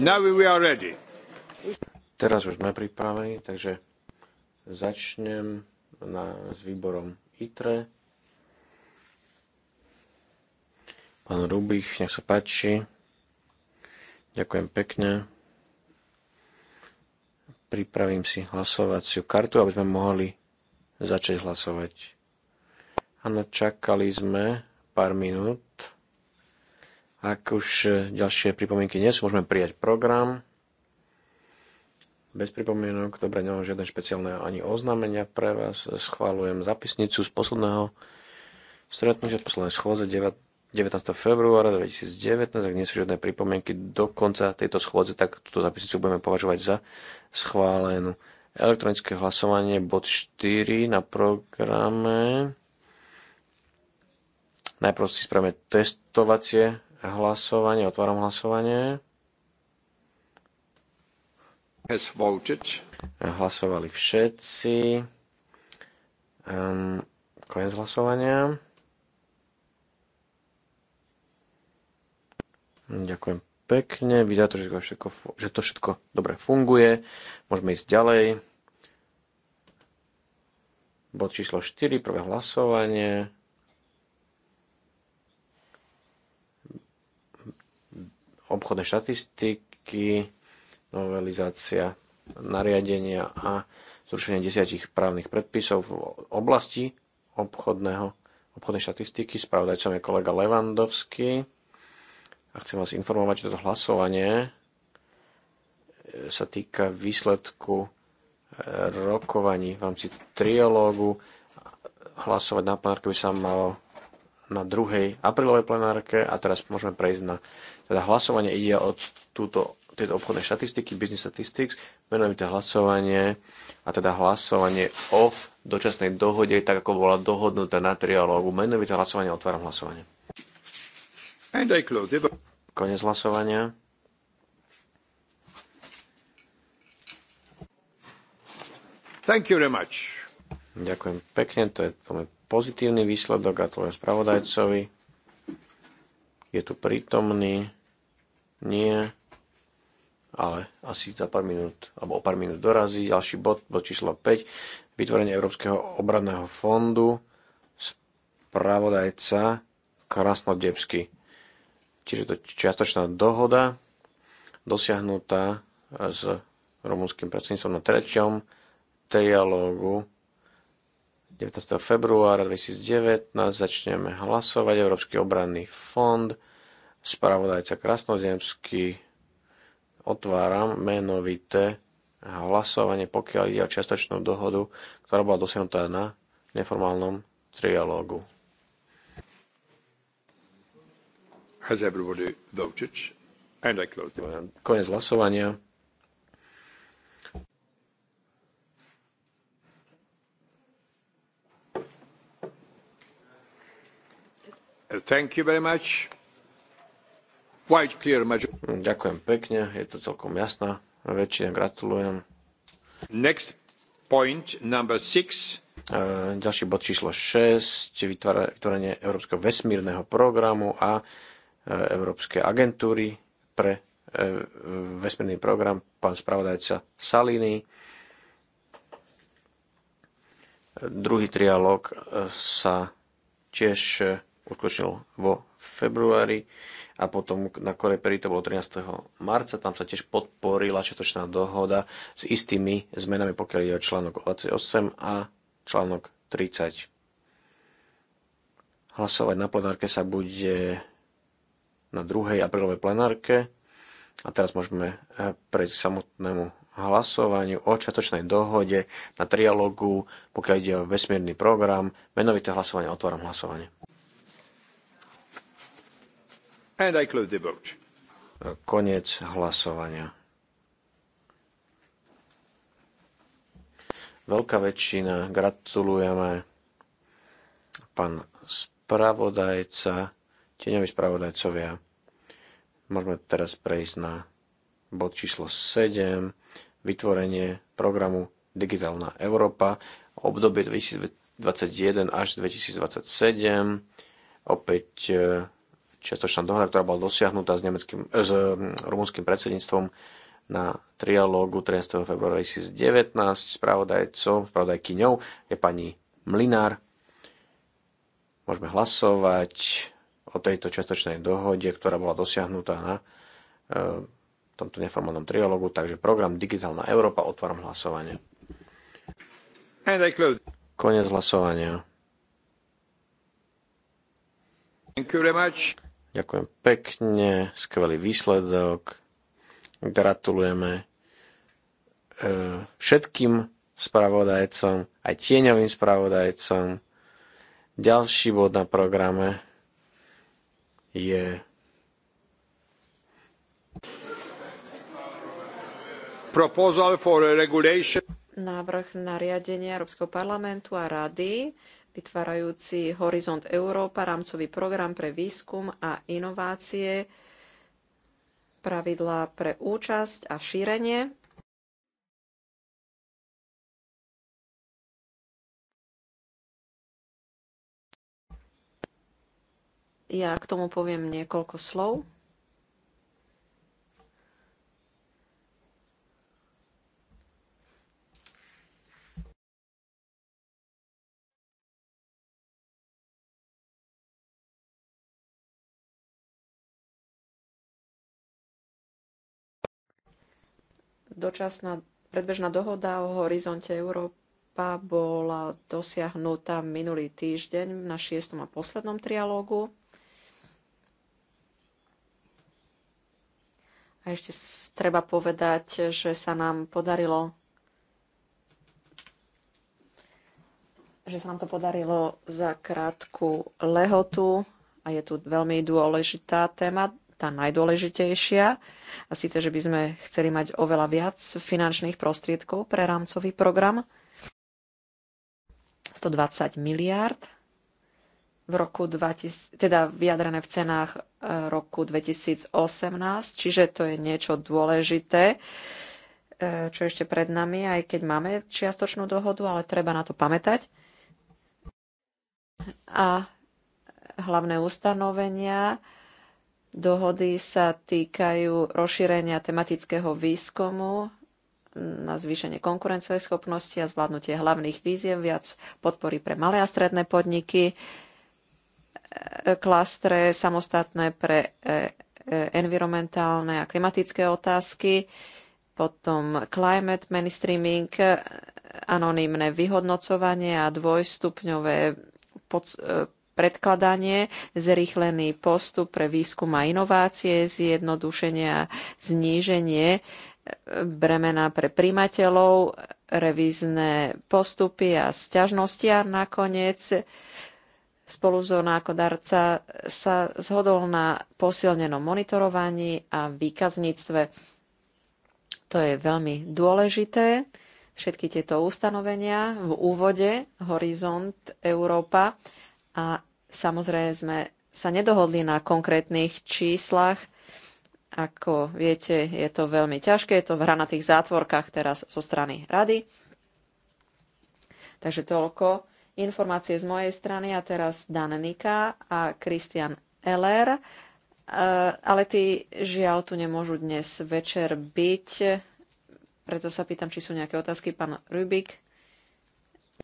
Now we are ready. Teraz už sme pripravení, takže začnem na, s výborom ITRE. Pán Rubich, nech sa páči. Ďakujem pekne. Pripravím si hlasovaciu kartu, aby sme mohli začať hlasovať. Áno, čakali sme pár minút. Ak už e, ďalšie pripomienky nie sú, môžeme prijať program. Bez pripomienok, dobre, nemám žiadne špeciálne ani oznámenia pre vás. Schválujem zapisnicu z posledného stretnutia, z posledné schôdze 19. februára 2019. Ak nie sú žiadne pripomienky do konca tejto schôdze, tak túto zapisnicu budeme považovať za schválenú. Elektronické hlasovanie bod 4 na programe. Najprv si spravíme testovacie hlasovanie, otváram hlasovanie. Has voted. Hlasovali všetci. Um, koniec hlasovania. Ďakujem pekne. Vyzerá to, že to všetko, že to všetko dobre funguje. Môžeme ísť ďalej. Bod číslo 4, prvé hlasovanie. obchodné štatistiky, novelizácia nariadenia a zrušenie desiatich právnych predpisov v oblasti obchodného, obchodnej štatistiky. Spravodajcom je kolega Levandovský a chcem vás informovať, že toto hlasovanie eh, sa týka výsledku eh, rokovaní v rámci triológu. Hlasovať na plenárke by sa malo na druhej aprílovej plenárke a teraz môžeme prejsť na teda hlasovanie ide od túto, tieto obchodné štatistiky, business statistics, menovité hlasovanie a teda hlasovanie o dočasnej dohode, tak ako bola dohodnutá na trialógu. Menovité hlasovanie, otváram hlasovanie. Konec hlasovania. Thank you very much. Ďakujem pekne, to je to pozitívny výsledok a je spravodajcovi. Je tu prítomný. Nie. Ale asi za pár minút, alebo o pár minút dorazí. Ďalší bod, bod číslo 5. Vytvorenie Európskeho obranného fondu. Spravodajca Krasnodebsky. Čiže to čiastočná dohoda dosiahnutá s rumúnskym predsedníctvom na treťom trialógu 19. februára 2019 začneme hlasovať Európsky obranný fond spravodajca Krasnozemský. Otváram menovité hlasovanie, pokiaľ ide o čiastočnú dohodu, ktorá bola dosiahnutá na neformálnom trialógu. Has everybody voted? And I close Konec hlasovania. Thank you very much. No, ďakujem pekne, je to celkom jasná väčšina, gratulujem. Next point number six. E, ďalší bod číslo 6, vytvorenie Európskeho vesmírneho programu a e, Európskej agentúry pre e, vesmírny program, pán spravodajca Salini. Druhý trialóg sa tiež uskutočnil vo februári a potom na Koreperi to bolo 13. marca, tam sa tiež podporila čiatočná dohoda s istými zmenami, pokiaľ ide o článok 28 a článok 30. Hlasovať na plenárke sa bude na 2. aprílovej plenárke a teraz môžeme eh, prejsť k samotnému hlasovaniu o čiatočnej dohode na trialogu, pokiaľ ide o vesmírny program. Menovité hlasovanie, otváram hlasovanie. And I close the vote. Konec hlasovania. Veľká väčšina. Gratulujeme. Pán spravodajca, tieňoví spravodajcovia. Môžeme teraz prejsť na bod číslo 7, vytvorenie programu Digitálna Európa, obdobie 2021 až 2027. Opäť e, čiastočná dohoda, ktorá bola dosiahnutá s, nemeckým, eh, s hm, rumunským predsedníctvom na trialógu 13. februára 2019. Spravodajcov, spravodajkyňou je pani Mlinár. Môžeme hlasovať o tejto čiastočnej dohode, ktorá bola dosiahnutá na e, tomto neformálnom trialógu. Takže program Digitálna Európa, otváram hlasovanie. Konec hlasovania. Thank you very much. Ďakujem pekne, skvelý výsledok. Gratulujeme e, všetkým spravodajcom, aj tieňovým spravodajcom. Ďalší bod na programe je Proposal for a regulation. Návrh nariadenia Európskeho parlamentu a rady vytvárajúci Horizont Európa, rámcový program pre výskum a inovácie, pravidlá pre účasť a šírenie. Ja k tomu poviem niekoľko slov. Dočasná predbežná dohoda o horizonte Európa bola dosiahnutá minulý týždeň na šiestom a poslednom trialógu. A ešte treba povedať, že sa nám podarilo že sa nám to podarilo za krátku lehotu a je tu veľmi dôležitá téma tá najdôležitejšia, a síce, že by sme chceli mať oveľa viac finančných prostriedkov pre rámcový program, 120 miliárd v roku 2000, teda vyjadrené v cenách e, roku 2018, čiže to je niečo dôležité, e, čo ešte pred nami, aj keď máme čiastočnú dohodu, ale treba na to pamätať. A hlavné ustanovenia Dohody sa týkajú rozšírenia tematického výskumu na zvýšenie konkurencovej schopnosti a zvládnutie hlavných víziev, viac podpory pre malé a stredné podniky, e, klastre samostatné pre e, e, environmentálne a klimatické otázky, potom climate mainstreaming, anonymné vyhodnocovanie a dvojstupňové predkladanie, zrýchlený postup pre výskum a inovácie, zjednodušenie a zníženie e, bremena pre primateľov, revízne postupy a sťažnosti a nakoniec spolu so nákodarca sa zhodol na posilnenom monitorovaní a výkazníctve. To je veľmi dôležité. Všetky tieto ustanovenia v úvode Horizont Európa a Samozrejme sme sa nedohodli na konkrétnych číslach. Ako viete, je to veľmi ťažké, je to v hranatých zátvorkách teraz zo strany rady. Takže toľko informácie z mojej strany a teraz Dan Nika a Christian Eller. E, ale tí žiaľ tu nemôžu dnes večer byť, preto sa pýtam, či sú nejaké otázky. Pán Rubik,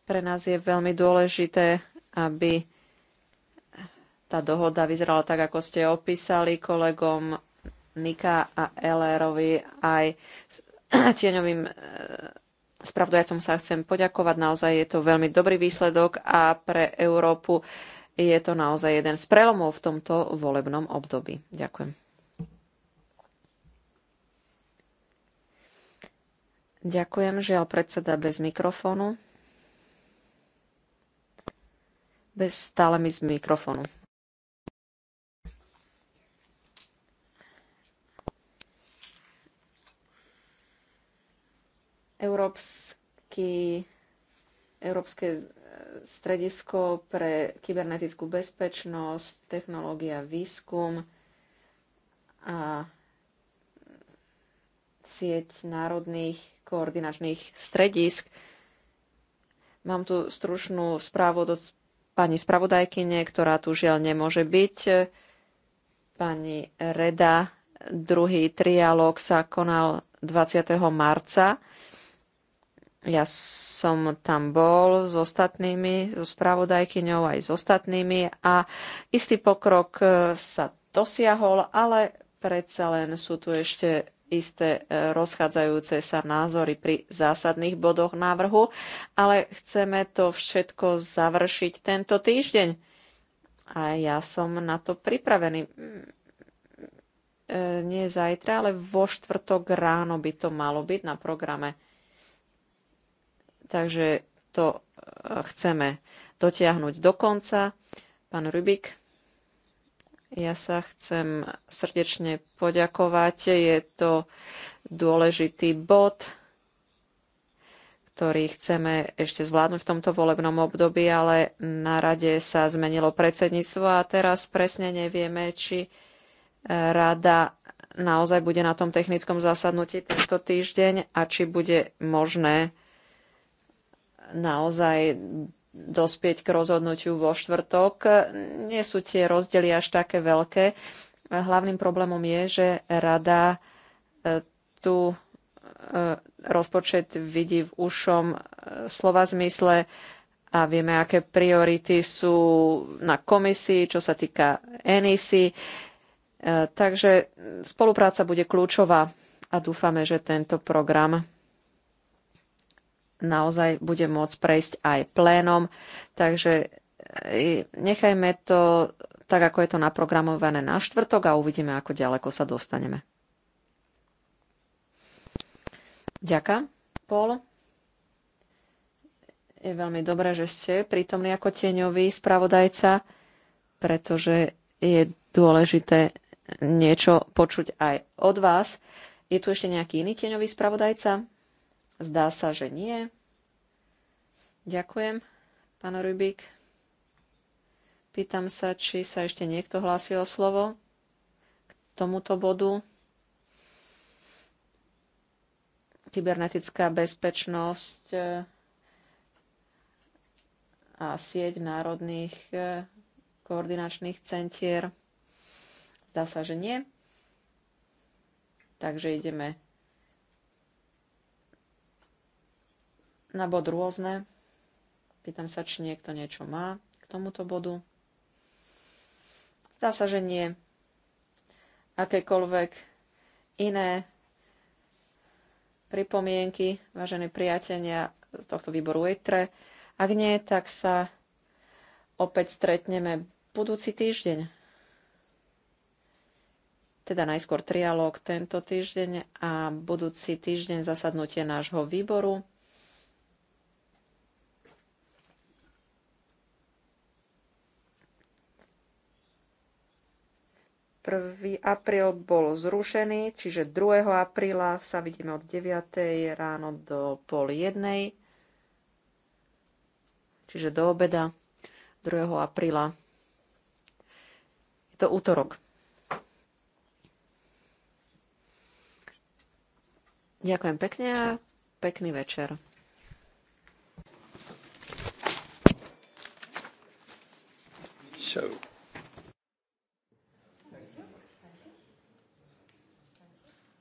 pre nás je veľmi dôležité, aby tá dohoda vyzerala tak, ako ste opísali kolegom Nika a Elerovi. aj tieňovým e, spravdujacom sa chcem poďakovať. Naozaj je to veľmi dobrý výsledok a pre Európu je to naozaj jeden z prelomov v tomto volebnom období. Ďakujem. Ďakujem, žiaľ predseda bez mikrofónu. Bez stále mi z mikrofónu. Európsky, Európske stredisko pre kybernetickú bezpečnosť, technológia, výskum a sieť národných koordinačných stredisk. Mám tu stručnú správu do pani spravodajkyne, ktorá tu žiaľ nemôže byť. Pani Reda, druhý trialóg sa konal 20. marca ja som tam bol s ostatnými, so spravodajkyňou aj s ostatnými a istý pokrok e, sa dosiahol, ale predsa len sú tu ešte isté e, rozchádzajúce sa názory pri zásadných bodoch návrhu, ale chceme to všetko završiť tento týždeň. A ja som na to pripravený. Mm, mm, e, nie zajtra, ale vo štvrtok ráno by to malo byť na programe. Takže to e, chceme dotiahnuť do konca. Pán Rubik, ja sa chcem srdečne poďakovať. Je to dôležitý bod, ktorý chceme ešte zvládnuť v tomto volebnom období, ale na rade sa zmenilo predsedníctvo a teraz presne nevieme, či e, rada naozaj bude na tom technickom zasadnutí tento týždeň a či bude možné naozaj dospieť k rozhodnutiu vo štvrtok. Nie sú tie rozdiely až také veľké. Hlavným problémom je, že rada e, tu e, rozpočet vidí v ušom e, slova zmysle a vieme, aké priority sú na komisii, čo sa týka NEC. Takže spolupráca bude kľúčová a dúfame, že tento program naozaj bude môcť prejsť aj plénom. Takže e, nechajme to tak, ako je to naprogramované na štvrtok a uvidíme, ako ďaleko sa dostaneme. Ďaká, Paul. Je veľmi dobré, že ste prítomní ako tieňový spravodajca, pretože je dôležité niečo počuť aj od vás. Je tu ešte nejaký iný tieňový spravodajca? Zdá sa, že nie. Ďakujem, pán Rubik. Pýtam sa, či sa ešte niekto hlási o slovo k tomuto bodu. Kybernetická bezpečnosť e, a sieť národných e, koordinačných centier. Zdá sa, že nie. Takže ideme na bod rôzne. Pýtam sa, či niekto niečo má k tomuto bodu. Zdá sa, že nie. Akékoľvek iné pripomienky, vážení priatelia z tohto výboru ETRE. Ak nie, tak sa opäť stretneme budúci týždeň. Teda najskôr trialóg tento týždeň a budúci týždeň zasadnutie nášho výboru. 1. apríl bol zrušený, čiže 2. apríla sa vidíme od 9. ráno do pol jednej, čiže do obeda 2. apríla. Je to útorok. Ďakujem pekne a pekný večer. So.